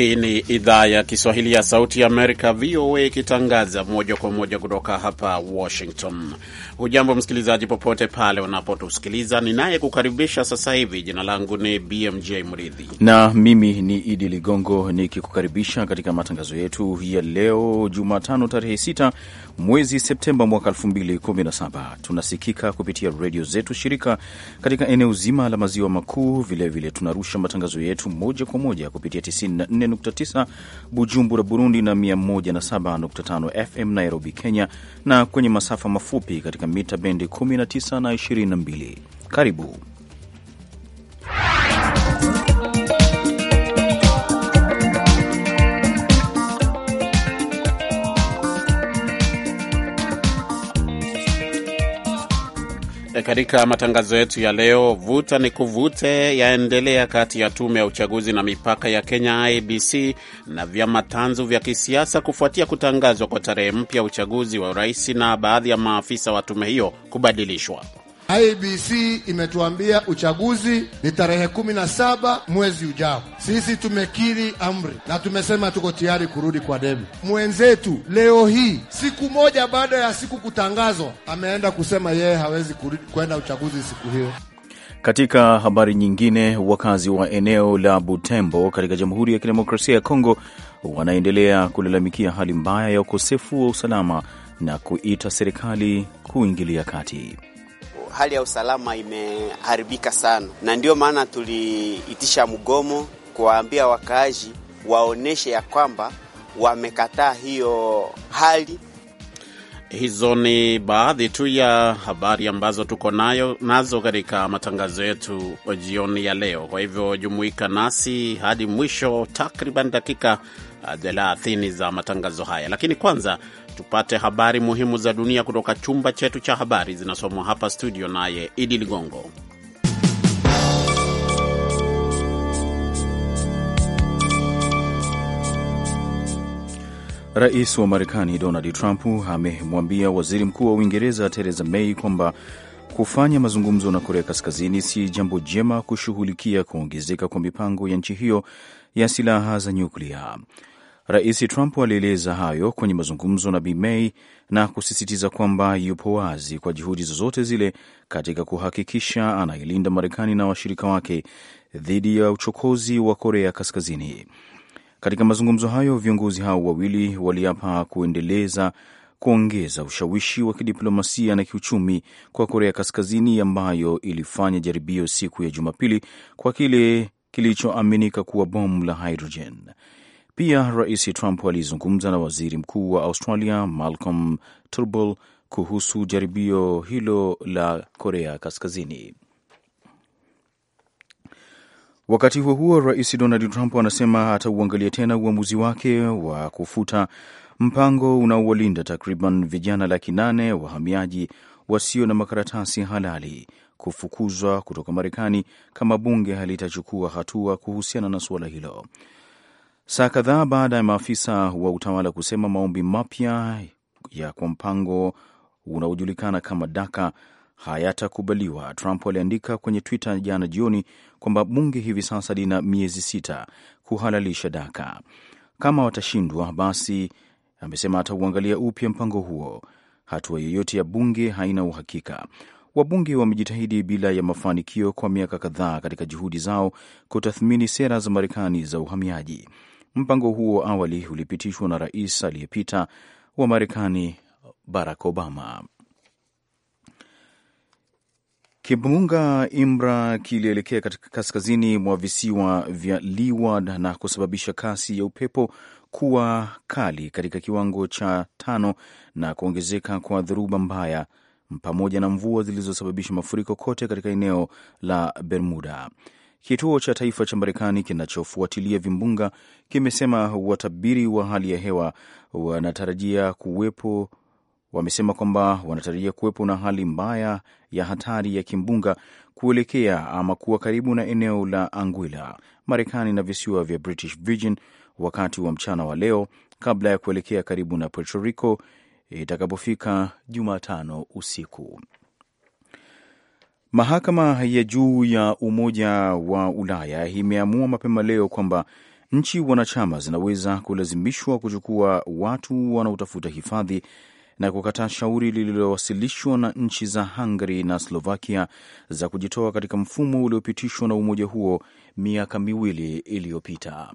Hii ni idhaa ya Kiswahili ya Sauti ya Amerika, VOA, ikitangaza moja kwa moja kutoka hapa Washington. Hujambo msikilizaji, popote pale unapotusikiliza. Ninayekukaribisha sasa hivi, jina langu ni BMJ Mridhi na mimi ni Idi Ligongo, nikikukaribisha katika matangazo yetu ya leo Jumatano, tarehe 6 mwezi Septemba mwaka 2017. Tunasikika kupitia redio zetu shirika katika eneo zima la maziwa makuu. Vilevile tunarusha matangazo yetu moja kwa moja kupitia 94 104.9 Bujumbura, Burundi na 107.5 FM Nairobi, Kenya, na kwenye masafa mafupi katika mita bendi 19 na 22. Karibu E, katika matangazo yetu ya leo, vuta ni kuvute yaendelea kati ya tume ya uchaguzi na mipaka ya Kenya IBC na vyama tanzu vya kisiasa kufuatia kutangazwa kwa tarehe mpya uchaguzi wa urais na baadhi ya maafisa wa tume hiyo kubadilishwa. IBC imetuambia uchaguzi ni tarehe kumi na saba mwezi ujao. Sisi tumekiri amri na tumesema tuko tayari kurudi kwa debe. Mwenzetu leo hii, siku moja baada ya siku kutangazwa, ameenda kusema yeye hawezi kwenda uchaguzi siku hiyo. Katika habari nyingine, wakazi wa eneo la Butembo katika Jamhuri ya Kidemokrasia ya Kongo wanaendelea kulalamikia hali mbaya ya ukosefu wa usalama na kuita serikali kuingilia kati hali ya usalama imeharibika sana, na ndio maana tuliitisha mgomo kuwaambia wakaaji waoneshe ya kwamba wamekataa hiyo hali. Hizo ni baadhi tu ya habari ambazo tuko nayo nazo katika matangazo yetu jioni ya leo. Kwa hivyo jumuika nasi hadi mwisho, takriban dakika thelathini za matangazo haya, lakini kwanza tupate habari muhimu za dunia kutoka chumba chetu cha habari, zinasomwa hapa studio naye Idi Ligongo. Rais wa Marekani Donald Trump amemwambia waziri mkuu wa Uingereza Theresa May kwamba kufanya mazungumzo na Korea Kaskazini si jambo jema kushughulikia kuongezeka kwa mipango ya nchi hiyo ya silaha za nyuklia. Rais Trump alieleza hayo kwenye mazungumzo na Bi May na kusisitiza kwamba yupo wazi kwa juhudi zozote zile katika kuhakikisha anailinda Marekani na washirika wake dhidi ya uchokozi wa Korea Kaskazini. Katika mazungumzo hayo, viongozi hao wawili waliapa kuendeleza kuongeza ushawishi wa kidiplomasia na kiuchumi kwa Korea Kaskazini ambayo ilifanya jaribio siku ya Jumapili kwa kile kilichoaminika kuwa bomu la hidrojeni. Pia Rais Trump alizungumza na waziri mkuu wa Australia Malcolm Turnbull kuhusu jaribio hilo la Korea Kaskazini. Wakati huo huo, Rais Donald Trump anasema atauangalia tena uamuzi wake wa kufuta mpango unaowalinda takriban vijana laki nane wahamiaji wasio na makaratasi halali kufukuzwa kutoka Marekani kama bunge halitachukua hatua kuhusiana na suala hilo saa kadhaa baada ya maafisa wa utawala kusema maombi mapya ya kwa mpango unaojulikana kama Daka hayatakubaliwa. Trump aliandika kwenye Twitter jana jioni kwamba bunge hivi sasa lina miezi sita kuhalalisha Daka. Kama watashindwa, basi amesema atauangalia upya mpango huo. Hatua yoyote ya bunge haina uhakika. Wabunge wamejitahidi bila ya mafanikio kwa miaka kadhaa katika juhudi zao kutathmini sera za Marekani za uhamiaji. Mpango huo awali ulipitishwa na rais aliyepita wa Marekani Barack Obama. Kimbunga Imra kilielekea katika kaskazini mwa visiwa vya Leeward na kusababisha kasi ya upepo kuwa kali katika kiwango cha tano na kuongezeka kwa dhoruba mbaya pamoja na mvua zilizosababisha mafuriko kote katika eneo la Bermuda. Kituo cha taifa cha Marekani kinachofuatilia vimbunga kimesema watabiri wa hali ya hewa wanatarajia kuwepo wamesema kwamba wanatarajia kuwepo na hali mbaya ya hatari ya kimbunga kuelekea ama kuwa karibu na eneo la Anguilla, Marekani na visiwa vya British Virgin wakati wa mchana wa leo kabla ya kuelekea karibu na Puerto Rico itakapofika Jumatano usiku. Mahakama ya juu ya Umoja wa Ulaya imeamua mapema leo kwamba nchi wanachama zinaweza kulazimishwa kuchukua watu wanaotafuta hifadhi na kukataa shauri lililowasilishwa na nchi za Hungary na Slovakia za kujitoa katika mfumo uliopitishwa na umoja huo miaka miwili iliyopita.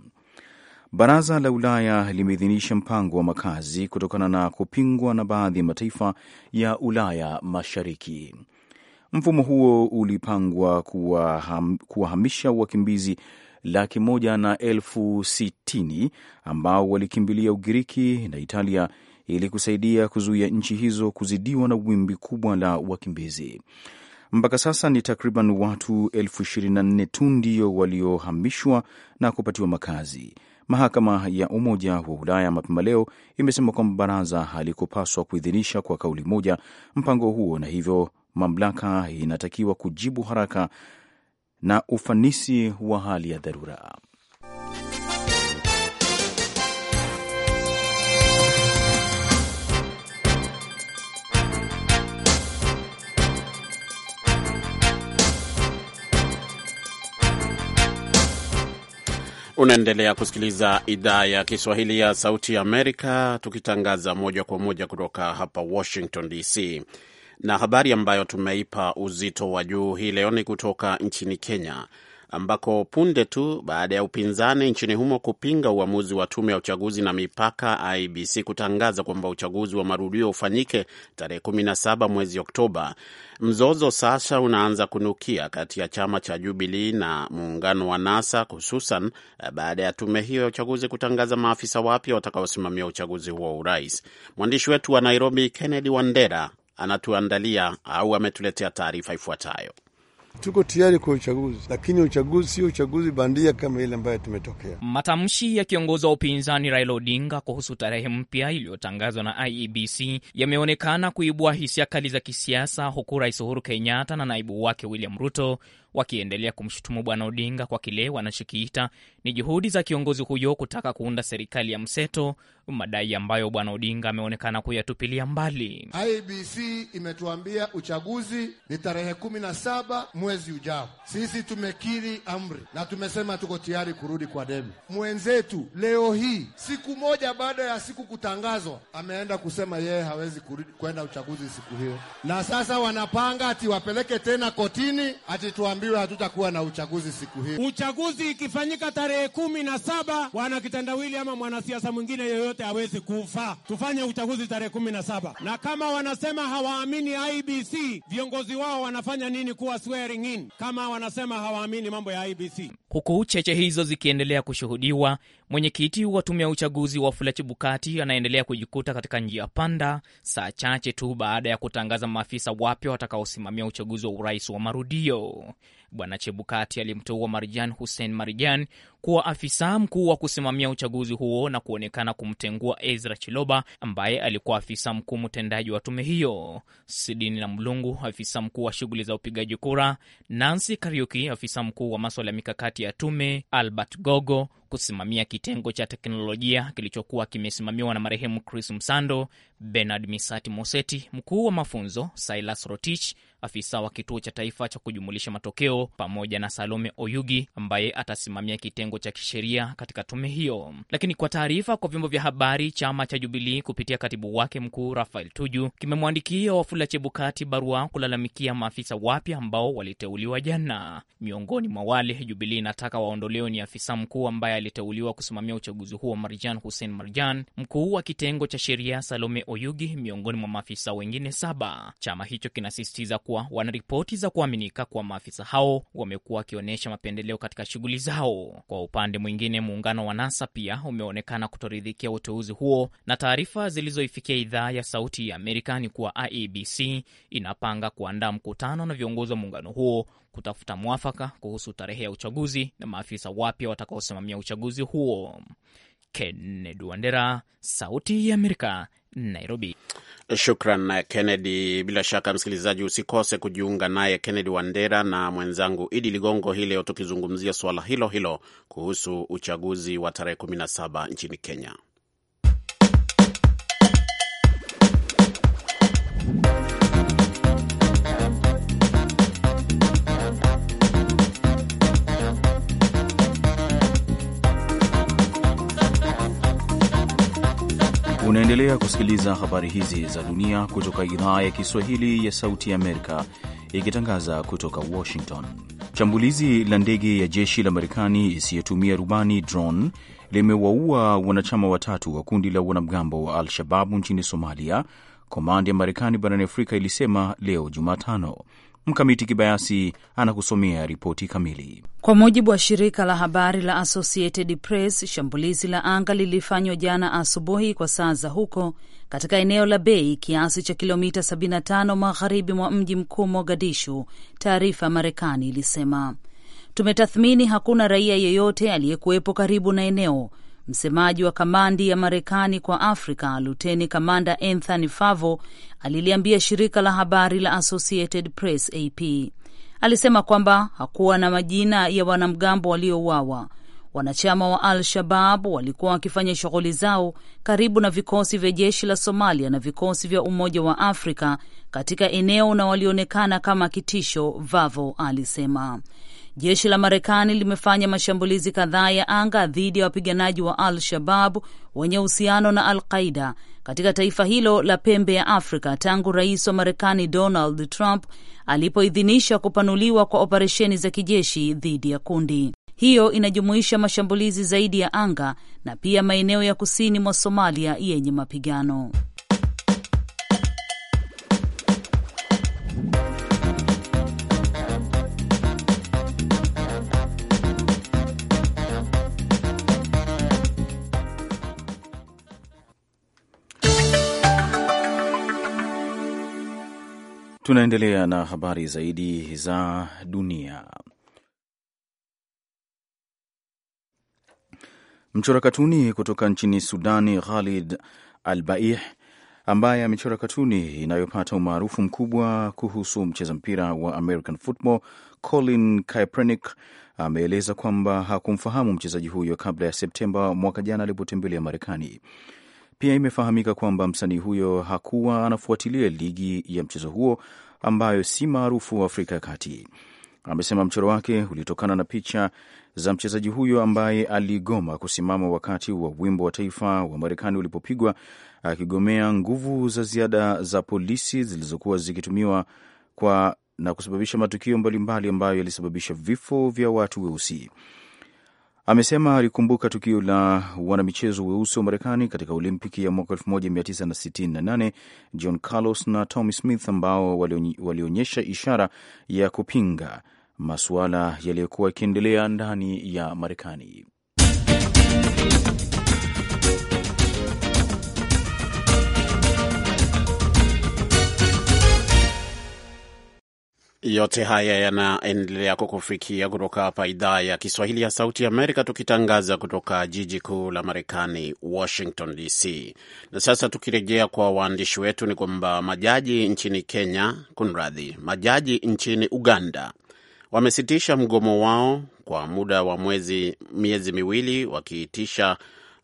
Baraza la Ulaya limeidhinisha mpango wa makazi kutokana na kupingwa na baadhi ya mataifa ya Ulaya Mashariki. Mfumo huo ulipangwa kuwaham, kuwahamisha wakimbizi laki moja na elfu sitini ambao walikimbilia Ugiriki na Italia ili kusaidia kuzuia nchi hizo kuzidiwa na wimbi kubwa la wakimbizi. Mpaka sasa ni takriban watu elfu ishirini na nne tu ndio waliohamishwa na kupatiwa makazi. Mahakama ya Umoja wa Ulaya mapema leo imesema kwamba baraza halikupaswa kuidhinisha kwa kauli moja mpango huo na hivyo mamlaka inatakiwa kujibu haraka na ufanisi wa hali ya dharura. Unaendelea kusikiliza idhaa ya Kiswahili ya Sauti ya Amerika, tukitangaza moja kwa moja kutoka hapa Washington DC. Na habari ambayo tumeipa uzito wa juu hii leo ni kutoka nchini Kenya ambako punde tu baada ya upinzani nchini humo kupinga uamuzi wa tume ya uchaguzi na mipaka IBC kutangaza kwamba uchaguzi wa marudio ufanyike tarehe 17 mwezi Oktoba, mzozo sasa unaanza kunukia kati ya chama cha Jubilee na muungano wa NASA, hususan eh, baada ya tume hiyo ya uchaguzi kutangaza maafisa wapya watakaosimamia uchaguzi huo wa urais. Mwandishi wetu wa Nairobi, Kennedy Wandera, anatuandalia au ametuletea taarifa ifuatayo. Tuko tayari kwa uchaguzi, lakini uchaguzi sio uchaguzi bandia kama ile ambayo tumetokea. Matamshi ya kiongozi wa upinzani Raila Odinga kuhusu tarehe mpya iliyotangazwa na IEBC yameonekana kuibua hisia kali za kisiasa, huku Rais Uhuru Kenyatta na naibu wake William Ruto wakiendelea kumshutumu Bwana Odinga kwa kile wanachokiita ni juhudi za kiongozi huyo kutaka kuunda serikali ya mseto, madai ambayo Bwana Odinga ameonekana kuyatupilia mbali. IBC imetuambia uchaguzi ni tarehe kumi na saba mwezi ujao. Sisi tumekiri amri na tumesema tuko tayari kurudi kwa debe mwenzetu. Leo hii siku moja baada ya siku kutangazwa, ameenda kusema yeye hawezi kurudi kwenda uchaguzi siku hiyo, na sasa wanapanga ati wapeleke tena kotini ati tuliambiwa hatutakuwa na uchaguzi siku hii. Uchaguzi ikifanyika tarehe kumi na saba, bwana Kitandawili ama mwanasiasa mwingine yoyote hawezi kufa. Tufanye uchaguzi tarehe kumi na saba, na kama wanasema hawaamini IBC, viongozi wao wanafanya nini kuwa swearing in kama wanasema hawaamini mambo ya IBC? Huku cheche hizo zikiendelea kushuhudiwa, mwenyekiti wa tume ya uchaguzi Wafula Chebukati anaendelea kujikuta katika njia panda, saa chache tu baada ya kutangaza maafisa wapya watakaosimamia uchaguzi wa urais wa marudio. Bwana Chebukati alimteua Marjan Hussein marijan kuwa afisa mkuu wa kusimamia uchaguzi huo na kuonekana kumtengua Ezra Chiloba ambaye alikuwa afisa mkuu mtendaji wa tume hiyo. Sidini na Mlungu, afisa mkuu wa shughuli za upigaji kura, Nancy Kariuki, afisa mkuu wa maswala ya mikakati ya tume, Albert Gogo kusimamia kitengo cha teknolojia kilichokuwa kimesimamiwa na marehemu Chris Msando, Bernard Misati Moseti mkuu wa mafunzo, Silas Rotich afisa wa kituo cha taifa cha kujumulisha matokeo, pamoja na Salome Oyugi ambaye atasimamia kitengo cha kisheria katika tume hiyo. Lakini kwa taarifa kwa vyombo vya habari, chama cha Jubilii kupitia katibu wake mkuu Rafael Tuju kimemwandikia Wafula Chebukati barua kulalamikia maafisa wapya ambao waliteuliwa jana. Miongoni mwa wale Jubilii inataka waondolewe ni afisa mkuu ambaye aliteuliwa kusimamia uchaguzi huo Marjan Hussein Marjan, mkuu wa kitengo cha sheria Salome Oyugi, miongoni mwa maafisa wengine saba. Chama hicho kinasisitiza kuwa kuwa wana ripoti za kuaminika kuwa maafisa hao wamekuwa wakionyesha mapendeleo katika shughuli zao. Kwa upande mwingine, muungano wa NASA pia umeonekana kutoridhikia uteuzi huo, na taarifa zilizoifikia idhaa ya Sauti ya Amerika ni kuwa IEBC inapanga kuandaa mkutano na viongozi wa muungano huo kutafuta mwafaka kuhusu tarehe ya uchaguzi na maafisa wapya watakaosimamia uchaguzi huo. Kennedy Wandera, Sauti ya Amerika, Nairobi. Shukran eh, Kennedy. Bila shaka, msikilizaji, usikose kujiunga naye Kennedy Wandera na mwenzangu Idi Ligongo hii leo tukizungumzia suala hilo hilo kuhusu uchaguzi wa tarehe 17 nchini Kenya. Unaendelea kusikiliza habari hizi za dunia kutoka idhaa ya Kiswahili ya Sauti ya Amerika ikitangaza kutoka Washington. Shambulizi la ndege ya jeshi la Marekani isiyotumia rubani drone limewaua wanachama watatu wa kundi la wanamgambo wa Al-Shababu nchini Somalia, komandi ya Marekani barani Afrika ilisema leo Jumatano. Mkamiti Kibayasi anakusomea ripoti kamili. Kwa mujibu wa shirika la habari la Associated Press, shambulizi la anga lilifanywa jana asubuhi kwa saa za huko katika eneo la Bei, kiasi cha kilomita 75 magharibi mwa mji mkuu Mogadishu. Taarifa ya Marekani ilisema, tumetathmini hakuna raia yeyote aliyekuwepo karibu na eneo Msemaji wa kamandi ya Marekani kwa Afrika, luteni kamanda Anthony Favo aliliambia shirika la habari la Associated Press AP alisema kwamba hakuwa na majina ya wanamgambo waliouawa. Wanachama wa Al-Shabab walikuwa wakifanya shughuli zao karibu na vikosi vya jeshi la Somalia na vikosi vya Umoja wa Afrika katika eneo na walionekana kama kitisho, Vavo alisema. Jeshi la Marekani limefanya mashambulizi kadhaa ya anga dhidi ya wapiganaji wa Al Shababu wenye uhusiano na Al Qaida katika taifa hilo la pembe ya Afrika tangu rais wa Marekani Donald Trump alipoidhinisha kupanuliwa kwa operesheni za kijeshi dhidi ya kundi hiyo inajumuisha mashambulizi zaidi ya anga na pia maeneo ya kusini mwa Somalia yenye mapigano. Tunaendelea na habari zaidi za dunia. Mchora katuni kutoka nchini Sudani, Khalid Al-Baih, ambaye amechora katuni inayopata umaarufu mkubwa kuhusu mcheza mpira wa American football Colin Kaepernick ameeleza kwamba hakumfahamu mchezaji huyo kabla ya Septemba mwaka jana alipotembelea Marekani. Pia imefahamika kwamba msanii huyo hakuwa anafuatilia ligi ya mchezo huo ambayo si maarufu Afrika ya Kati. Amesema mchoro wake ulitokana na picha za mchezaji huyo ambaye aligoma kusimama wakati wa wimbo wa taifa wa Marekani ulipopigwa, akigomea nguvu za ziada za polisi zilizokuwa zikitumiwa kwa na kusababisha matukio mbalimbali ambayo yalisababisha vifo vya watu weusi amesema alikumbuka tukio la wanamichezo weusi wa Marekani katika Olimpiki ya mwaka 1968 John Carlos na Tommy Smith ambao walionyesha ishara ya kupinga masuala yaliyokuwa yakiendelea ndani ya Marekani. Yote haya yanaendelea kukufikia kutoka hapa idhaa ya Kiswahili ya Sauti Amerika, tukitangaza kutoka jiji kuu la Marekani, Washington DC. Na sasa tukirejea kwa waandishi wetu, ni kwamba majaji nchini Kenya, kunradhi, majaji nchini Uganda wamesitisha mgomo wao kwa muda wa mwezi miezi miwili wakiitisha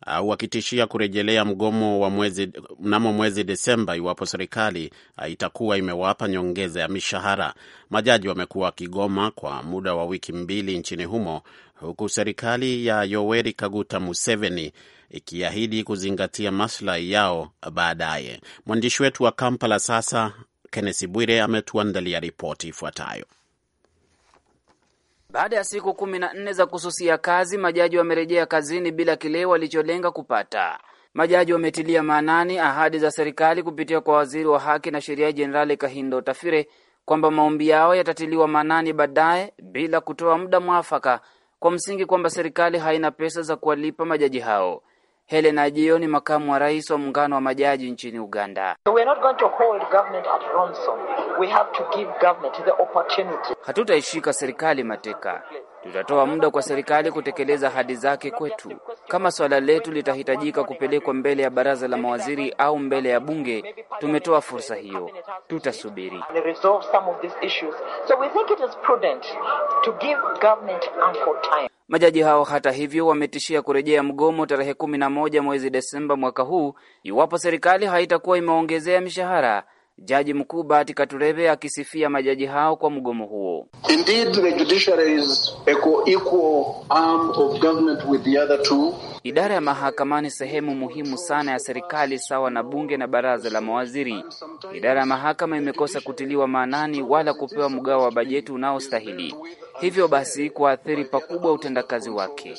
au wakitishia kurejelea mgomo wa mwezi mnamo mwezi Desemba iwapo serikali ah, itakuwa imewapa nyongeza ya mishahara. Majaji wamekuwa wakigoma kwa muda wa wiki mbili nchini humo huku serikali ya Yoweri Kaguta Museveni ikiahidi kuzingatia maslahi yao baadaye. Mwandishi wetu wa Kampala sasa, Kennesi Bwire, ametuandalia ripoti ifuatayo. Baada ya siku kumi na nne za kususia kazi, majaji wamerejea kazini bila kile walicholenga kupata. Majaji wametilia maanani ahadi za serikali kupitia kwa waziri wa haki na sheria Jenerali Kahindo Tafire kwamba maombi yao yatatiliwa maanani baadaye, bila kutoa muda mwafaka, kwa msingi kwamba serikali haina pesa za kuwalipa majaji hao. Helena ni makamu wa rais wa muungano wa majaji nchini Uganda. Hatutaishika serikali mateka, tutatoa muda kwa serikali kutekeleza ahadi zake kwetu. Kama swala letu litahitajika kupelekwa mbele ya baraza la mawaziri au mbele ya bunge, tumetoa fursa hiyo, tutasubiri. So Majaji hao hata hivyo wametishia kurejea mgomo tarehe 11 na moja mwezi Desemba mwaka huu iwapo serikali haitakuwa imeongezea mishahara. Jaji mkuu Bati Katureve akisifia majaji hao kwa mgomo huo. Idara ya ni sehemu muhimu sana ya serikali sawa na bunge na baraza la mawaziri. Idara ya mahakama imekosa kutiliwa maanani wala kupewa mgao wa bajeti unaostahili hivyo basi kuathiri pakubwa utendakazi wake.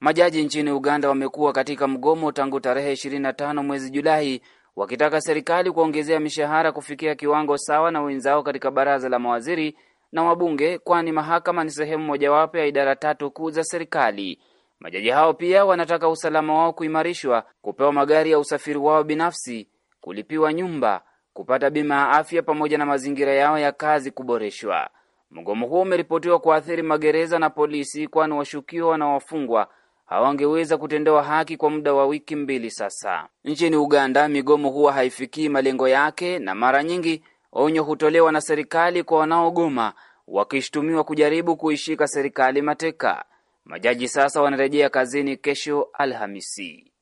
Majaji nchini Uganda wamekuwa katika mgomo tangu tarehe 25 mwezi Julai wakitaka serikali kuongezea mishahara kufikia kiwango sawa na wenzao katika baraza la mawaziri na wabunge, kwani mahakama ni sehemu mojawapo ya idara tatu kuu za serikali. Majaji hao pia wanataka usalama wao kuimarishwa, kupewa magari ya usafiri wao binafsi, kulipiwa nyumba kupata bima ya afya pamoja na mazingira yao ya kazi kuboreshwa. Mgomo huo umeripotiwa kuathiri magereza na polisi, kwani washukiwa na wafungwa hawangeweza kutendewa haki kwa muda wa wiki mbili sasa. Nchini Uganda, migomo huwa haifikii malengo yake, na mara nyingi onyo hutolewa na serikali kwa wanaogoma, wakishutumiwa kujaribu kuishika serikali mateka. Majaji sasa wanarejea kazini kesho Alhamisi.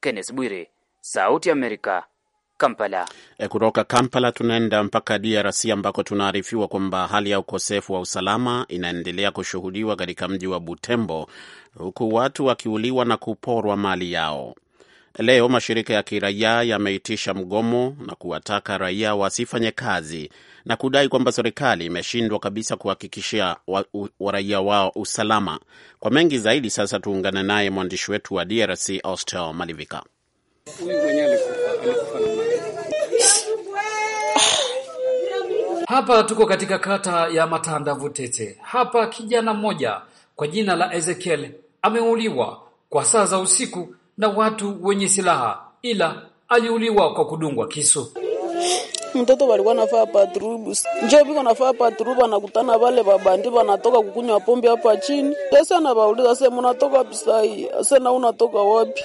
Kenneth Bwire, Sauti ya Amerika, Kampala. E, kutoka Kampala tunaenda mpaka DRC ambako tunaarifiwa kwamba hali ya ukosefu wa usalama inaendelea kushuhudiwa katika mji wa Butembo huku watu wakiuliwa na kuporwa mali yao. Leo mashirika ya kiraia yameitisha mgomo na kuwataka raia wasifanye kazi na kudai kwamba serikali imeshindwa kabisa kuhakikishia raia wao usalama. Kwa mengi zaidi, sasa tuungane naye mwandishi wetu wa DRC Austel Malivika. Hapa tuko katika kata ya Matanda Vutete. Hapa kijana mmoja kwa jina la Ezekiel ameuliwa kwa saa za usiku na watu wenye silaha, ila aliuliwa kwa kudungwa kisu. Mtoto walikuwa nafaa patrubu njo biko nafaa patrubu, anakutana wale babandi wanatoka kukunywa pombe hapa chini. Sasa anabauliza sasa, mnatoka pisai sasa unatoka wapi?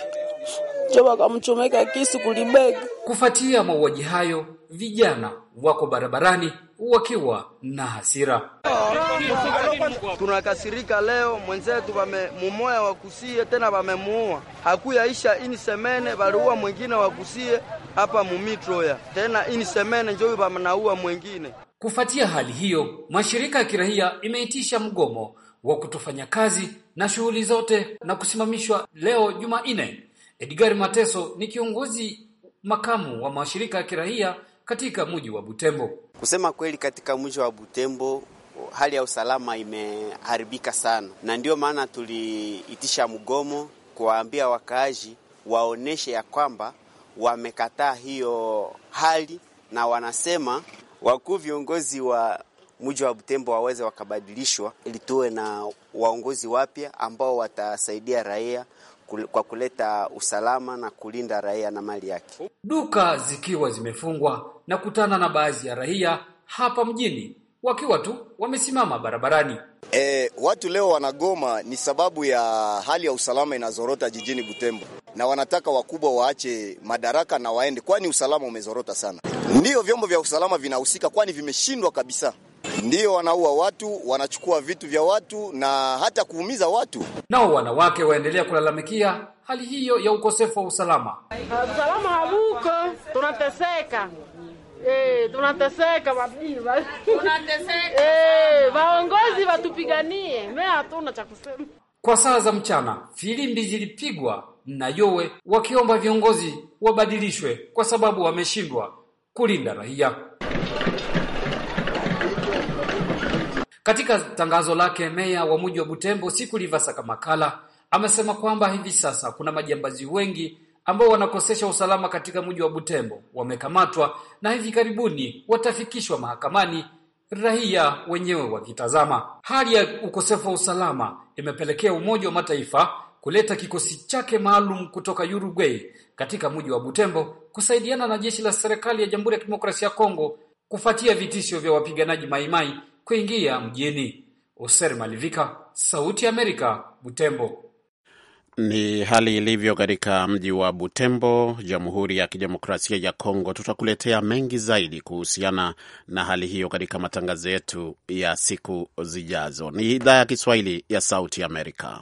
Jo, wakamchomeka kisu kulibega. Kufuatia mauaji hayo, vijana wako barabarani wakiwa na hasira. Tunakasirika leo, mwenzetu mumoya wakusie tena vamemuua, hakuyaisha ini semene valiua mwengine wakusie hapa mumitroya tena ini semene njovi wamnaua mwengine. Kufuatia hali hiyo, mashirika ya kirahia imeitisha mgomo wa kutofanya kazi na shughuli zote na kusimamishwa leo Jumanne. Edgar Mateso ni kiongozi makamu wa mashirika ya kirahia katika mji wa Butembo. Kusema kweli, katika mji wa Butembo hali ya usalama imeharibika sana, na ndiyo maana tuliitisha mgomo kuwaambia wakaaji waoneshe ya kwamba wamekataa hiyo hali, na wanasema wakuu viongozi wa mji wa Butembo waweze wakabadilishwa ili tuwe na waongozi wapya ambao watasaidia raia kwa kuleta usalama na kulinda raia na mali yake. Duka zikiwa zimefungwa na kutana na baadhi ya raia hapa mjini wakiwa tu wamesimama barabarani. E, watu leo wanagoma ni sababu ya hali ya usalama inazorota jijini Butembo, na wanataka wakubwa waache madaraka na waende, kwani usalama umezorota sana. Ndiyo vyombo vya usalama vinahusika, kwani vimeshindwa kabisa. Ndiyo wanaua watu, wanachukua vitu vya watu na hata kuumiza watu. Nao wanawake waendelea kulalamikia hali hiyo ya ukosefu wa usalama. Usalama hauko, tunateseka Eh, tunateseka mabima. Tunateseka. Eh, waongozi watupiganie. Mimi hatuna cha kusema. Kwa saa za mchana filimbi zilipigwa na yowe wakiomba viongozi wabadilishwe kwa sababu wameshindwa kulinda raia. Katika tangazo lake, meya wa mji wa Butembo Siku Livasa amesema kwamba hivi sasa kuna majambazi wengi ambao wanakosesha usalama katika mji wa Butembo wamekamatwa na hivi karibuni watafikishwa mahakamani, raia wenyewe wakitazama. Hali ya ukosefu wa usalama imepelekea Umoja wa Mataifa kuleta kikosi chake maalum kutoka Uruguay katika mji wa Butembo kusaidiana na jeshi la serikali ya Jamhuri ya Kidemokrasia ya Kongo kufuatia vitisho vya wapiganaji maimai kuingia mjini. Oser Malivika, Sauti ya Amerika, Butembo. Ni hali ilivyo katika mji wa Butembo, Jamhuri ya Kidemokrasia ya Kongo. Tutakuletea mengi zaidi kuhusiana na hali hiyo katika matangazo yetu ya siku zijazo. Ni idhaa ya Kiswahili ya Sauti Amerika.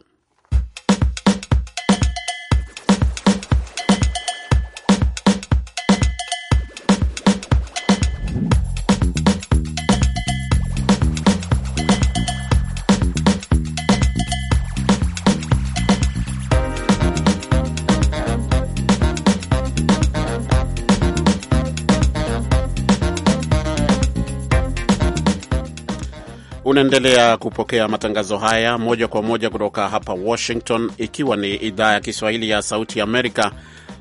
Unaendelea kupokea matangazo haya moja kwa moja kutoka hapa Washington, ikiwa ni idhaa ya Kiswahili ya Sauti Amerika,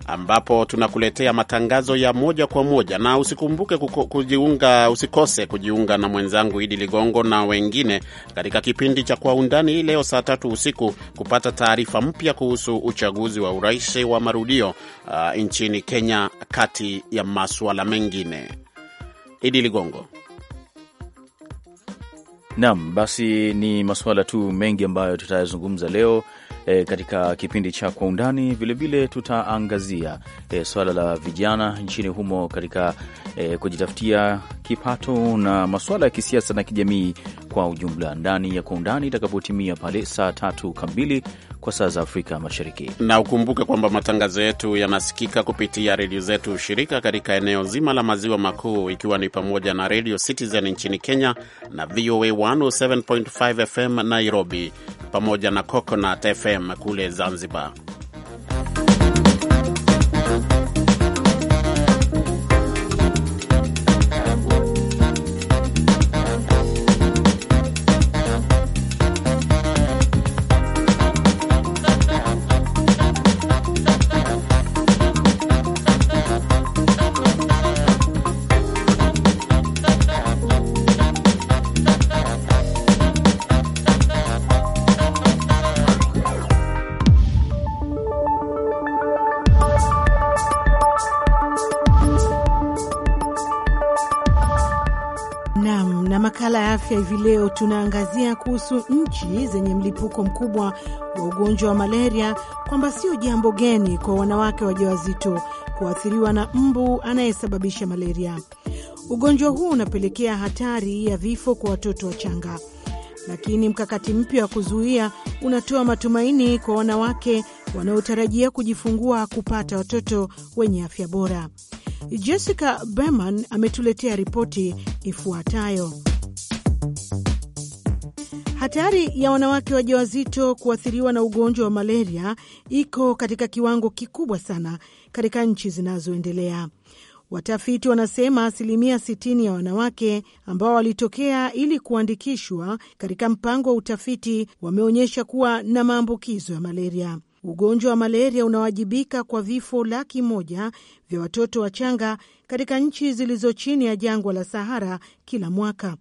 ambapo tunakuletea matangazo ya moja kwa moja. Na usikumbuke kujiunga, usikose kujiunga na mwenzangu Idi Ligongo na wengine katika kipindi cha Kwa Undani hii leo saa tatu usiku kupata taarifa mpya kuhusu uchaguzi wa urais wa marudio uh, nchini Kenya, kati ya maswala mengine. Idi Ligongo. Naam, basi ni masuala tu mengi ambayo tutayazungumza leo e, katika kipindi cha kwa undani. Vilevile tutaangazia e, swala la vijana nchini humo katika e, kujitafutia kipato na masuala ya kisiasa na kijamii kwa ujumla, ndani ya kwa undani itakapotimia pale saa tatu kamili kwa saa za Afrika Mashariki, na ukumbuke kwamba matangazo yetu yanasikika kupitia redio zetu ushirika katika eneo zima la maziwa makuu, ikiwa ni pamoja na redio Citizen nchini Kenya na VOA 107.5 FM Nairobi, pamoja na Coconut FM kule Zanzibar. Afrika hivi leo tunaangazia kuhusu nchi zenye mlipuko mkubwa wa ugonjwa wa malaria, kwamba sio jambo geni kwa wanawake wajawazito kuathiriwa na mbu anayesababisha malaria. Ugonjwa huu unapelekea hatari ya vifo kwa watoto wachanga, lakini mkakati mpya wa kuzuia unatoa matumaini kwa wanawake wanaotarajia kujifungua kupata watoto wenye afya bora. Jessica Berman ametuletea ripoti ifuatayo. Hatari ya wanawake wajawazito kuathiriwa na ugonjwa wa malaria iko katika kiwango kikubwa sana katika nchi zinazoendelea. Watafiti wanasema asilimia 60 ya wanawake ambao walitokea ili kuandikishwa katika mpango wa utafiti wameonyesha kuwa na maambukizo ya malaria. Ugonjwa wa malaria unawajibika kwa vifo laki moja vya watoto wachanga katika nchi zilizo chini ya jangwa la Sahara kila mwaka.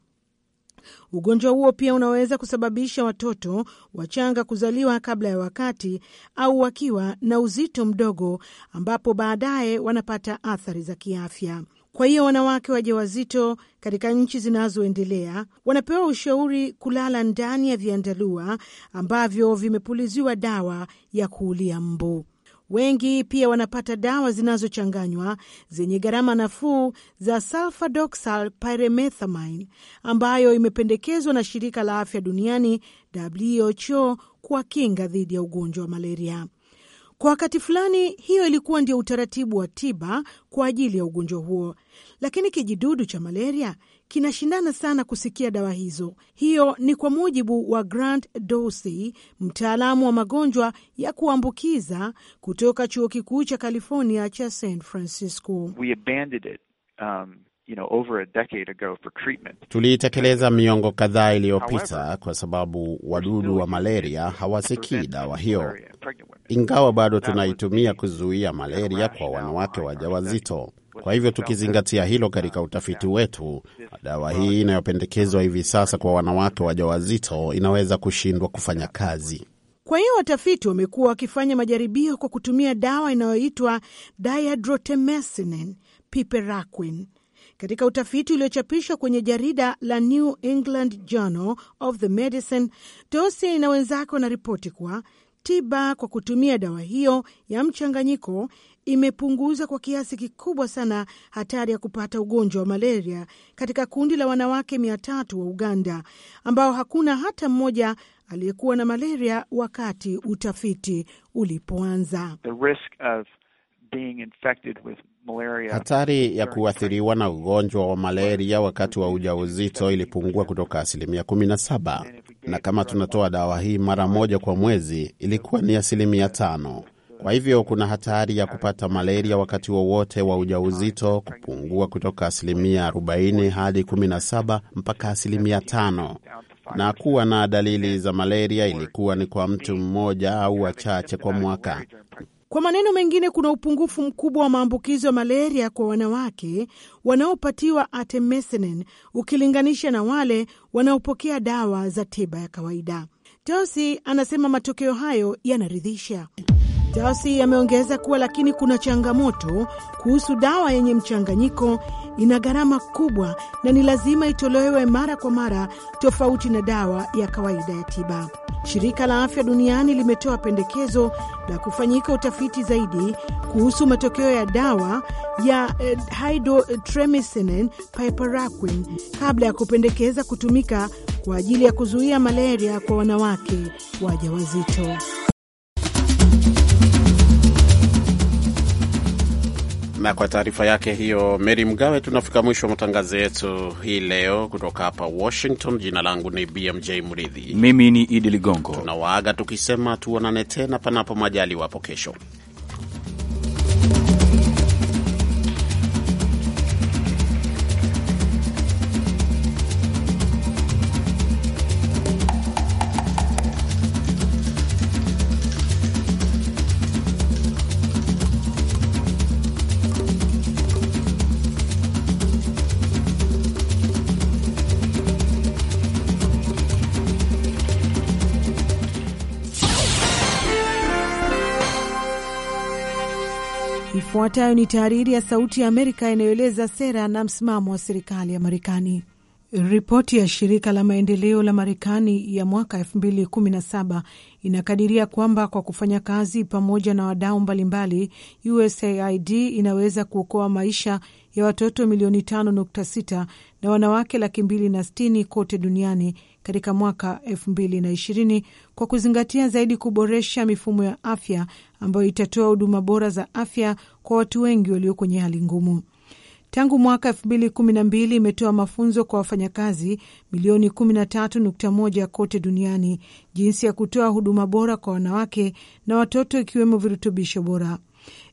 Ugonjwa huo pia unaweza kusababisha watoto wachanga kuzaliwa kabla ya wakati au wakiwa na uzito mdogo, ambapo baadaye wanapata athari za kiafya. Kwa hiyo wanawake wajawazito katika nchi zinazoendelea wanapewa ushauri kulala ndani ya viandalua ambavyo vimepuliziwa dawa ya kuulia mbu. Wengi pia wanapata dawa zinazochanganywa zenye gharama nafuu za sulfadoxal pyrimethamine ambayo imependekezwa na shirika la afya duniani WHO kwa kinga dhidi ya ugonjwa wa malaria. Kwa wakati fulani, hiyo ilikuwa ndio utaratibu wa tiba kwa ajili ya ugonjwa huo, lakini kijidudu cha malaria kinashindana sana kusikia dawa hizo. Hiyo ni kwa mujibu wa Grant Dorsey, mtaalamu wa magonjwa ya kuambukiza kutoka chuo kikuu cha California cha San Francisco. Um, you know, over a decade ago for treatment. Tuliitekeleza miongo kadhaa iliyopita kwa sababu wadudu wa malaria hawasikii dawa hiyo, ingawa bado tunaitumia kuzuia malaria kwa wanawake wajawazito. Kwa hivyo tukizingatia hilo katika utafiti wetu, dawa hii inayopendekezwa hivi sasa kwa wanawake wajawazito inaweza kushindwa kufanya kazi. Kwa hiyo watafiti wamekuwa wakifanya majaribio kwa kutumia dawa inayoitwa diadrotemesinin piperaquine. Katika utafiti uliochapishwa kwenye jarida la New England Journal of the Medicine, Dosia na wenzake wanaripoti kuwa tiba kwa kutumia dawa hiyo ya mchanganyiko imepunguza kwa kiasi kikubwa sana hatari ya kupata ugonjwa wa malaria katika kundi la wanawake mia tatu wa Uganda ambao hakuna hata mmoja aliyekuwa na malaria wakati utafiti ulipoanza. Hatari ya kuathiriwa na ugonjwa wa malaria wakati wa ujauzito ilipungua kutoka asilimia 17, na kama tunatoa dawa hii mara moja kwa mwezi ilikuwa ni asilimia tano. Kwa hivyo kuna hatari ya kupata malaria wakati wowote wa, wa ujauzito kupungua kutoka asilimia 40 hadi 17 mpaka asilimia 5 na kuwa na dalili za malaria ilikuwa ni kwa mtu mmoja au wachache kwa mwaka. Kwa maneno mengine, kuna upungufu mkubwa wa maambukizo ya malaria kwa wanawake wanaopatiwa artemisinin ukilinganisha na wale wanaopokea dawa za tiba ya kawaida. Tosi anasema matokeo hayo yanaridhisha. Tasi ameongeza kuwa lakini kuna changamoto kuhusu dawa yenye mchanganyiko, ina gharama kubwa na ni lazima itolewe mara kwa mara, tofauti na dawa ya kawaida ya tiba. Shirika la Afya Duniani limetoa pendekezo la kufanyika utafiti zaidi kuhusu matokeo ya dawa ya eh, hydroxystromycin piperaquine kabla ya kupendekeza kutumika kwa ajili ya kuzuia malaria kwa wanawake wajawazito. na kwa taarifa yake hiyo Mary Mgawe, tunafika mwisho wa matangazo yetu hii leo kutoka hapa Washington. Jina langu ni BMJ Mridhi, mimi ni Idi Ligongo, tunawaaga tukisema tuonane tena panapo majali wapo kesho. Ifuatayo ni tahariri ya Sauti ya Amerika inayoeleza sera na msimamo wa serikali ya Marekani. Ripoti ya shirika la maendeleo la Marekani ya mwaka 2017 inakadiria kwamba kwa kufanya kazi pamoja na wadau mbalimbali, USAID inaweza kuokoa maisha ya watoto milioni 5.6 na wanawake laki mbili na sitini kote duniani katika mwaka 2020 kwa kuzingatia zaidi kuboresha mifumo ya afya ambayo itatoa huduma bora za afya kwa watu wengi walio kwenye hali ngumu. Tangu mwaka elfu mbili kumi na mbili imetoa mafunzo kwa wafanyakazi milioni kumi na tatu nukta moja kote duniani jinsi ya kutoa huduma bora kwa wanawake na watoto ikiwemo virutubisho bora.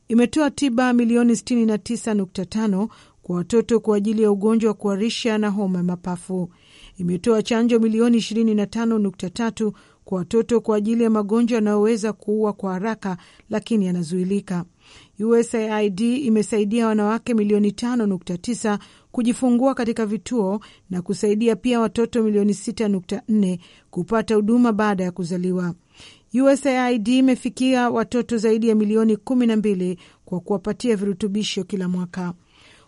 Imetoa tiba milioni sitini na tisa nukta tano kwa watoto kwa ajili ya ugonjwa wa kuharisha na homa ya mapafu. Imetoa chanjo milioni ishirini na tano nukta tatu kwa watoto kwa ajili ya magonjwa yanayoweza kuua kwa haraka lakini yanazuilika. USAID imesaidia wanawake milioni 5.9 kujifungua katika vituo na kusaidia pia watoto milioni 6.4 kupata huduma baada ya kuzaliwa. USAID imefikia watoto zaidi ya milioni 12 kwa kuwapatia virutubisho kila mwaka.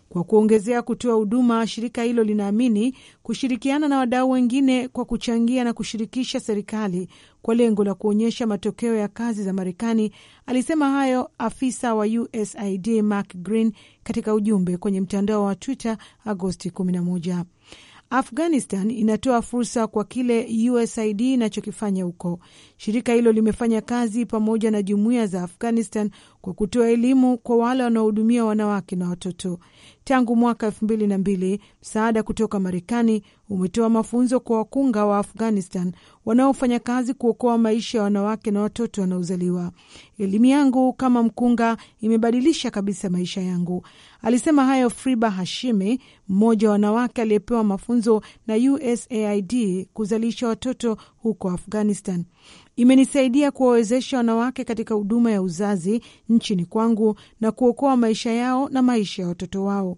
Kwa kuongezea kutoa huduma, shirika hilo linaamini kushirikiana na wadau wengine kwa kuchangia na kushirikisha serikali kwa lengo la kuonyesha matokeo ya kazi za Marekani. Alisema hayo afisa wa USAID Mark Green katika ujumbe kwenye mtandao wa Twitter Agosti 11. Afghanistan inatoa fursa kwa kile USAID inachokifanya huko. Shirika hilo limefanya kazi pamoja na jumuiya za Afghanistan kwa kutoa elimu kwa wale wanaohudumia wanawake na watoto. Tangu mwaka elfu mbili na mbili msaada kutoka Marekani umetoa mafunzo kwa wakunga wa Afghanistan wanaofanya kazi kuokoa maisha ya wanawake na watoto wanaozaliwa. Elimu yangu kama mkunga imebadilisha kabisa maisha yangu, alisema hayo Friba Hashimi, mmoja wa wanawake aliyepewa mafunzo na USAID kuzalisha watoto huko Afghanistan imenisaidia kuwawezesha wanawake katika huduma ya uzazi nchini kwangu na kuokoa maisha yao na maisha ya watoto wao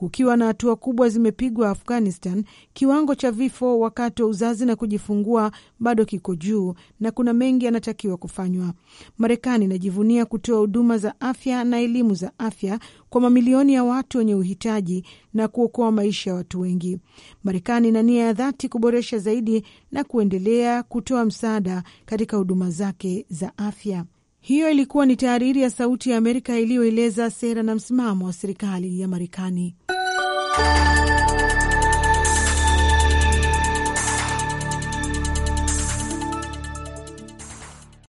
kukiwa na hatua kubwa zimepigwa Afghanistan. Kiwango cha vifo wakati wa uzazi na kujifungua bado kiko juu na kuna mengi yanatakiwa kufanywa. Marekani inajivunia kutoa huduma za afya na elimu za afya kwa mamilioni ya watu wenye uhitaji na kuokoa maisha ya watu wengi. Marekani ina nia ya dhati kuboresha zaidi na kuendelea kutoa msaada katika huduma zake za afya. Hiyo ilikuwa ni tahariri ya Sauti ya Amerika iliyoeleza sera na msimamo wa serikali ya Marekani.